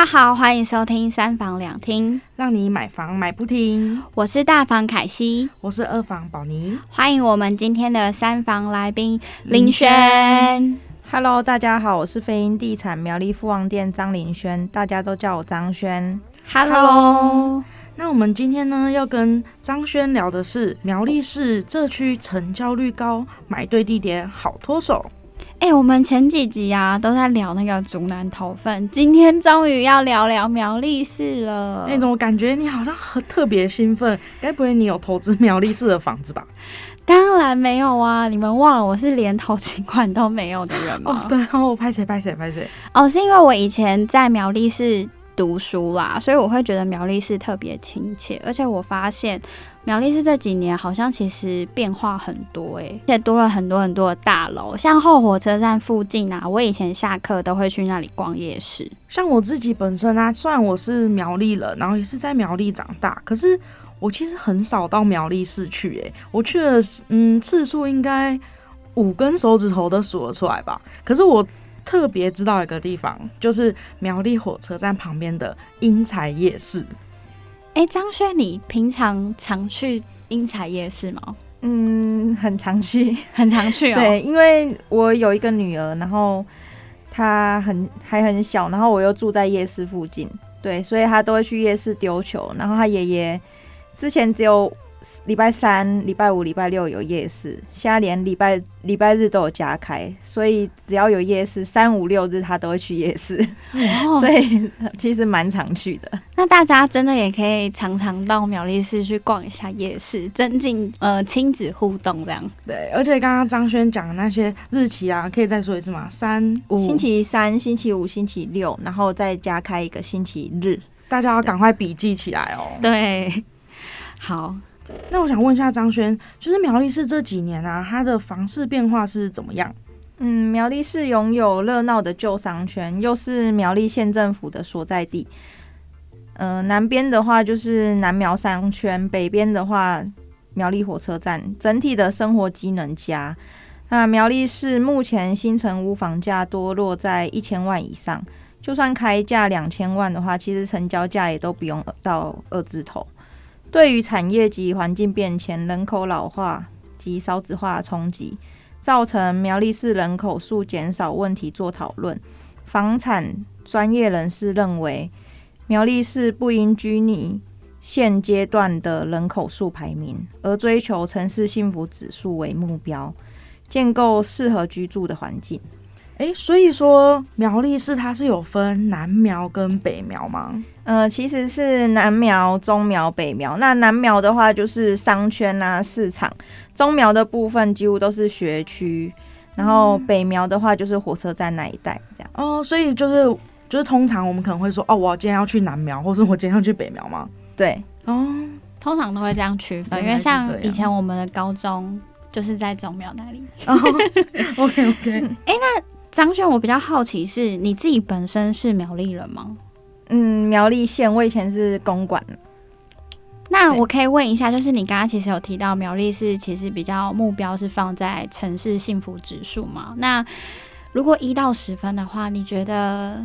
大家、啊、好，歡迎收聽三房兩廳，讓你買房買不停。我是大房凱西，我是二房寶妮，歡迎我們今天的三房來賓伶瑄。伶瑄 Hello，大家好，我是飛鷹地產苗栗富旺店張伶瑄，大家都叫我張瑄。Hello，, Hello. 那我們今天呢要跟張瑄聊的是苗栗市這區成交率高，買對地點好脫手。哎、欸，我們前幾集啊都在聊那個竹南頭份，今天終於要聊聊苗栗市了。怎麼感覺你好像很特別興奮，該不會你有投資苗栗市的房子吧？當然沒有啊，你們忘了我是連投資款都沒有的人嗎？哦，對啊、哦，我拍謝拍謝拍謝哦，是因為我以前在苗栗市讀書啦，所以我會覺得苗栗市特別親切，而且我發現。苗栗市這幾年好像其實變化很多哎、欸，也多了很多很多的大樓，像後火車站附近啊，我以前下課都會去那裡逛夜市。像我自己本身啊，雖然我是苗栗人，然後也是在苗栗長大，可是我其實很少到苗栗市去哎、欸，我去了，嗯，次數應該五根手指頭都數得出來吧。可是我特別知道一個地方，就是苗栗火車站旁邊的英才夜市。哎，張軒，欸，你平常常去英才夜市嗎？嗯，很常去， 很常去哦？對，因為我有一個女兒，然後她很還很小，然後我又住在夜市附近，對，所以她都會去夜市丟球。然後她爺爺之前只有禮拜三、禮拜五、禮拜六有夜市，現在連禮拜禮拜日都有加開，所以只要有夜市，三五六日他都會去夜市，哦、所以其實蠻常去的。那大家真的也可以常常到苗栗市去逛一下夜市，增進呃親子互動這樣。對，而且剛剛張伶瑄講的那些日期啊，可以再說一次嗎？三五星期三、星期五、星期六，然後再加開一個星期日，大家要趕快筆記起來哦。對，好。那我想問一下張瑄，就是苗栗市這幾年啊，它的房市變化是怎麼樣？嗯，苗栗市擁有熱鬧的舊商圈，又是苗栗縣政府的所在地。呃，南邊的話就是南苗商圈，北邊的話苗栗火車站，整體的生活機能佳。那苗栗市目前新成屋房價多落在一千萬以上，就算開價兩千萬的話，其實成交價也都不用到二字頭。對於產業及環境變遷、人口老化及少子化衝擊，造成苗栗市人口數減少問題做討論。房產專業人士認為，苗栗市不應拘泥現階段的人口數排名，而追求城市幸福指數為目標，建構適合居住的環境。哎、欸，所以說苗栗市它是有分南苗跟北苗嗎？呃，其實是南苗、中苗、北苗。那南苗的話就是商圈啊，市場，中苗的部分幾乎都是學區，然後北苗的話就是火車站那一帶這樣、嗯。哦，所以就是就是通常我們可能會說，哦，我今天要去南苗，或是我今天要去北苗嗎？對，哦，通常都會這樣區分，嗯、因為像以前我們的高中就是在中苗那裡。哦 OK OK，哎、欸，那。伶瑄，我比較好奇是你自己本身是苗栗人嗎？嗯，苗栗縣，我以前是公館。那我可以問一下，對就是你剛剛其實有提到苗栗市，其實比較目標是放在城市幸福指數嘛？那如果一到十分的話，你覺得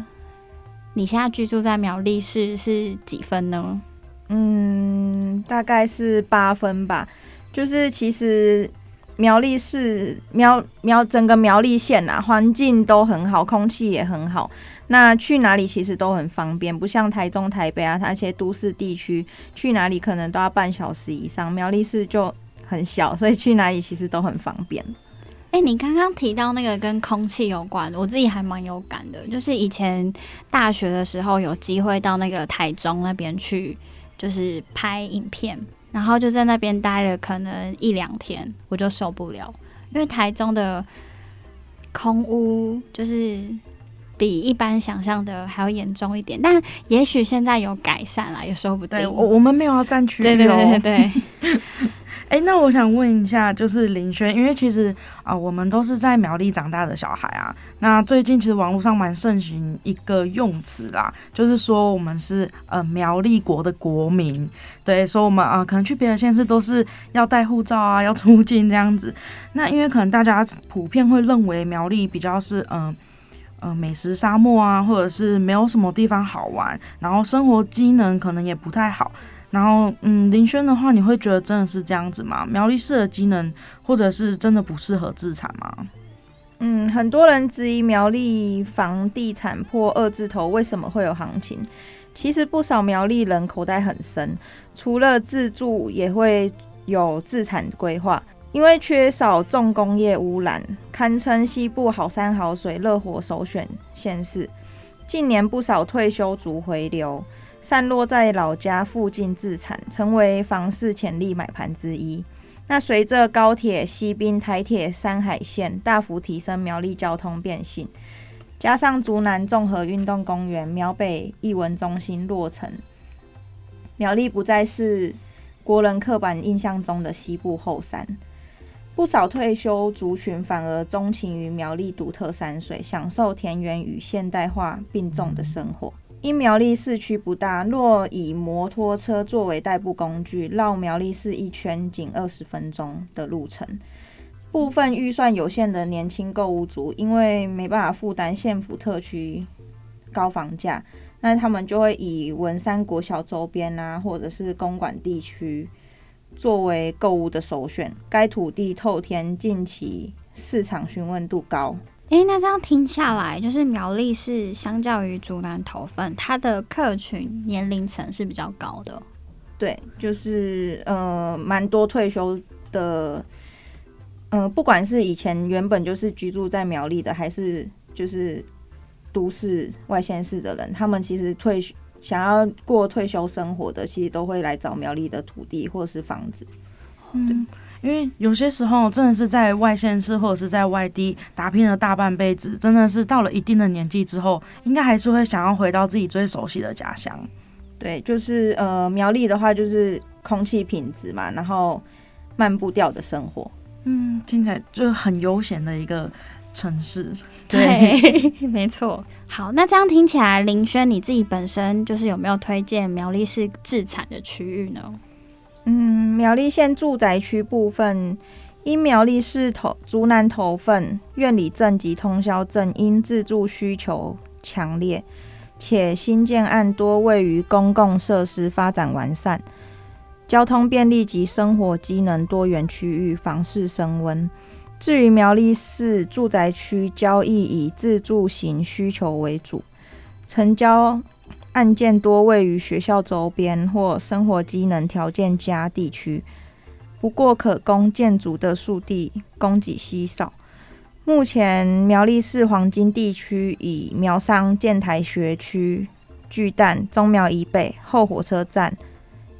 你現在居住在苗栗市是幾分呢？嗯，大概是八分吧。就是其實。苗栗市、苗苗整個苗栗縣吶、啊，環境都很好，空氣也很好。那去哪裡其實都很方便，不像台中、台北啊，它一些都市地區去哪裡可能都要半小時以上。苗栗市就很小，所以去哪裡其實都很方便。哎、欸，你剛剛提到那個跟空氣有關，我自己還蠻有感的。就是以前大學的時候有機會到那個台中那邊去，就是拍影片。然後就在那邊待了可能一兩天，我就受不了，因為台中的空污就是比一般想象的還要嚴重一點。但也許現在有改善了，也說不定。對，我我們沒有要佔區，對對，對對對對。 哎、欸，那我想問一下，就是伶瑄，因為其實啊、呃，我們都是在苗栗長大的小孩啊。那最近其實網絡上蠻盛行一個用詞啦，就是說我們是呃苗栗國的國民，對，說我們啊、呃、可能去別的縣市都是要帶護照啊，要出境這樣子。那因為可能大家普遍會認為苗栗比較是嗯嗯、呃呃、美食沙漠啊，或者是沒有什麼地方好玩，然後生活機能可能也不太好。然後，嗯，伶瑄的話，你會覺得真的是這樣子嗎？苗栗市的機能，或者是真的不適合置產嗎？嗯，很多人質疑苗栗房地產破二字頭為什麼會有行情。其實不少苗栗人口袋很深，除了自住也會有置產規劃。因為缺少重工業污染，堪稱西部好山好水，樂活首選縣市。近年不少退休族回流。散落在老家附近置產，成為房市潛力買盤之一。那隨着高鐵、西濱、台鐵、山海線大幅提升苗栗交通便利性，加上竹南綜合運動公園、苗北藝文中心落成，苗栗不再是國人刻板印象中的西部後山。不少退休族群反而鍾情於苗栗獨特山水，享受田園與現代化並重的生活。因苗栗市區不大，若以摩托車作為代步工具，繞苗栗市一圈僅二十分鐘的路程。部分預算有限的年輕購屋族，因為沒辦法負擔縣府特區高房價，那他們就會以文山國小周邊啊，或者是公館地區作為購屋的首選。該土地透天近期市場詢問度高。哎、欸，那這樣聽下來，就是苗栗是相較於竹南頭份，他的客群年齡層是比較高的。對，就是呃，蠻多退休的，嗯、呃，不管是以前原本就是居住在苗栗的，還是就是都市外縣市的人，他們其實退休想要過退休生活的，其實都會來找苗栗的土地或者是房子。嗯。對。因為有些時候真的是在外縣市或者是在外地打拼了大半輩子，真的是到了一定的年紀之後，應該還是會想要回到自己最熟悉的家鄉。對，就是呃苗栗的話，就是空氣品質嘛，然後慢步調的生活，嗯，聽起來就是很悠閒的一個城市。對，對沒錯。好，那這樣聽起來，伶瑄你自己本身就是有沒有推薦苗栗市置產的區域呢？嗯，苗栗縣住宅區部分，因苗栗市頭竹南頭份、苑裡鎮及通霄鎮因自住需求強烈，且新建案多位於公共設施發展完善、交通便利及生活機能多元區域，房市升溫。至於苗栗市住宅區交易以自住型需求為主，成交。案件多位於學校周邊或生活機能條件佳地區，不過可供建築的素地供給稀少。目前苗栗市黃金地區以苗商建台學區、巨蛋、中苗以北、後火車站、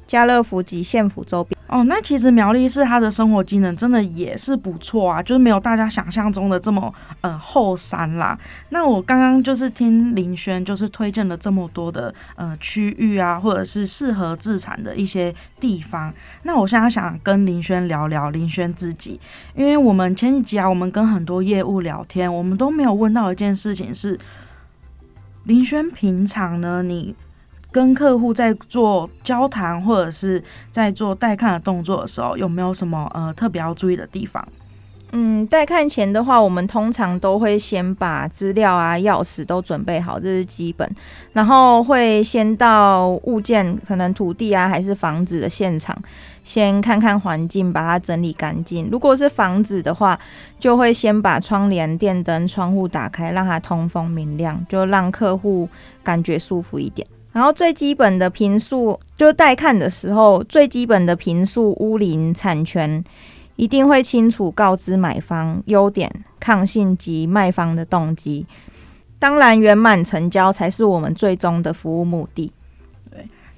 家樂福及縣府周邊。哦，那其實苗栗市它的生活機能真的也是不錯啊，就是沒有大家想象中的這麼呃後山啦。那我剛剛就是聽伶瑄就是推薦了這麼多的呃區域啊，或者是適合置產的一些地方。那我現在想跟伶瑄聊聊伶瑄自己，因為我們前幾集啊，我們跟很多業務聊天，我們都沒有問到一件事情是伶瑄平常呢你。跟客戶在做交談，或者是在做帶看的動作的時候，有沒有什麼呃特別要注意的地方？嗯，帶看前的話，我們通常都會先把資料啊、鑰匙都準備好，這是基本。然後會先到物件，可能土地啊還是房子的現場，先看看環境，把它整理乾淨。如果是房子的話，就會先把窗簾、電燈、窗戶打開，讓它通風明亮，就讓客戶感覺舒服一點。然後最基本的坪數，就是帶看的時候最基本的坪數、屋齡、產權一定會清楚告知買方，優點、抗性及賣方的動機。當然，圓滿成交才是我們最終的服務目的。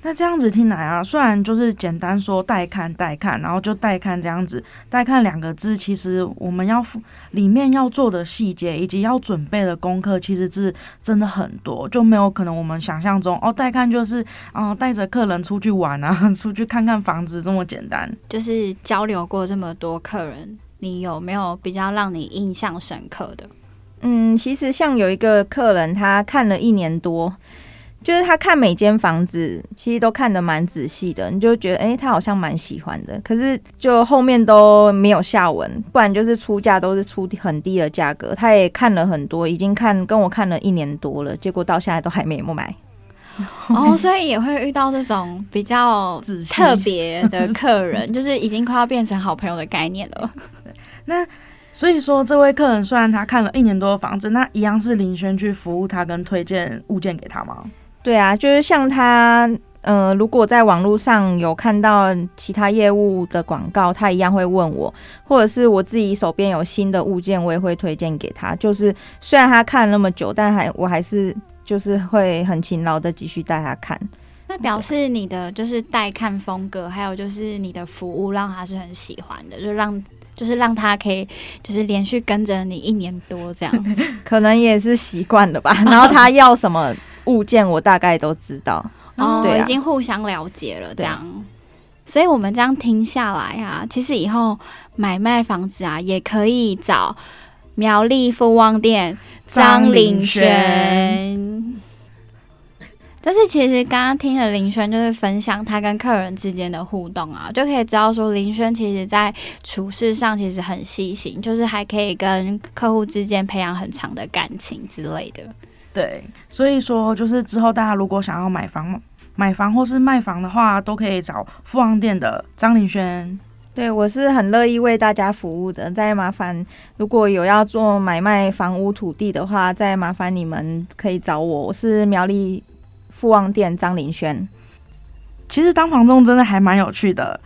那這樣子聽來啊，雖然就是簡單說帶看帶看，然後就帶看這樣子，帶看兩個字，其實我們要裡面要做的細節以及要準備的功課，其實是真的很多，就沒有可能我們想象中哦，帶看就是啊帶着客人出去玩啊，出去看看房子這麼簡單。就是交流過這麼多客人，你有沒有比較讓你印象深刻的？嗯，其實像有一個客人，他看了一年多。就是他看每間房子，其實都看得蠻仔細的，你就覺得，哎、欸，他好像蠻喜歡的。可是就後面都沒有下文，不然就是出價都是出很低的價格。他也看了很多，已經看跟我看了一年多了，結果到現在都還沒買。哦，所以也會遇到這種比較特別的客人， 就是已經快要變成好朋友的概念了。 那所以說，這位客人雖然他看了一年多的房子，那一樣是伶瑄去服務他跟推薦物件給他嗎？對啊，就是像他，呃，如果在網絡上有看到其他業務的廣告，他一樣會問我，或者是我自己手邊有新的物件，我也會推薦給他。就是雖然他看了那麼久，但還我還是就是會很勤勞的繼續帶他看。那表示你的就是帶看風格，還有就是你的服務讓他是很喜歡的，就讓就是讓他可以就是連續跟着你一年多這樣。 可能也是習慣了吧，然後他要什麼。 物件我大概都知道，哦，對啊、已經互相了解了，這樣，對所以我們這樣聽下來啊，其實以後買賣房子啊，也可以找苗栗富旺店張伶瑄。但是其實剛剛聽了伶瑄，就是分享他跟客人之間的互動啊，就可以知道說伶瑄其實在處事上其實很細心，就是還可以跟客戶之間培養很長的感情之類的。對，所以說就是之後大家如果想要買房、買房或是賣房的話，都可以找富旺店的張伶瑄。對，我是很樂意為大家服務的。再麻煩，如果有要做買賣房屋、土地的話，再麻煩你們可以找我。我是苗栗富旺店張伶瑄。其實當房仲真的還蠻有趣的。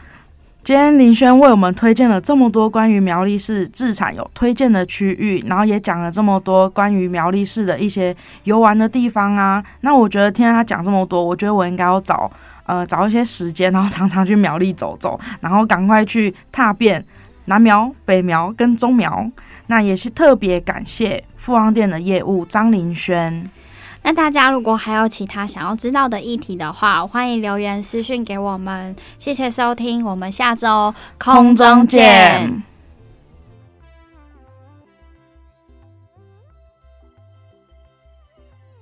今天伶瑄為我們推薦了這麼多關於苗栗市置產有推薦的區域，然後也講了這麼多關於苗栗市的一些遊玩的地方啊。那我覺得聽他講這麼多，我覺得我應該要找呃找一些時間，然後常常去苗栗走走，然後趕快去踏遍南苗、北苗跟中苗。那也是特別感謝富旺店的業務張伶瑄。那大家如果還有其他想要知道的議題的話，歡迎留言私訊給我們。謝謝收聽，我們下週空中見。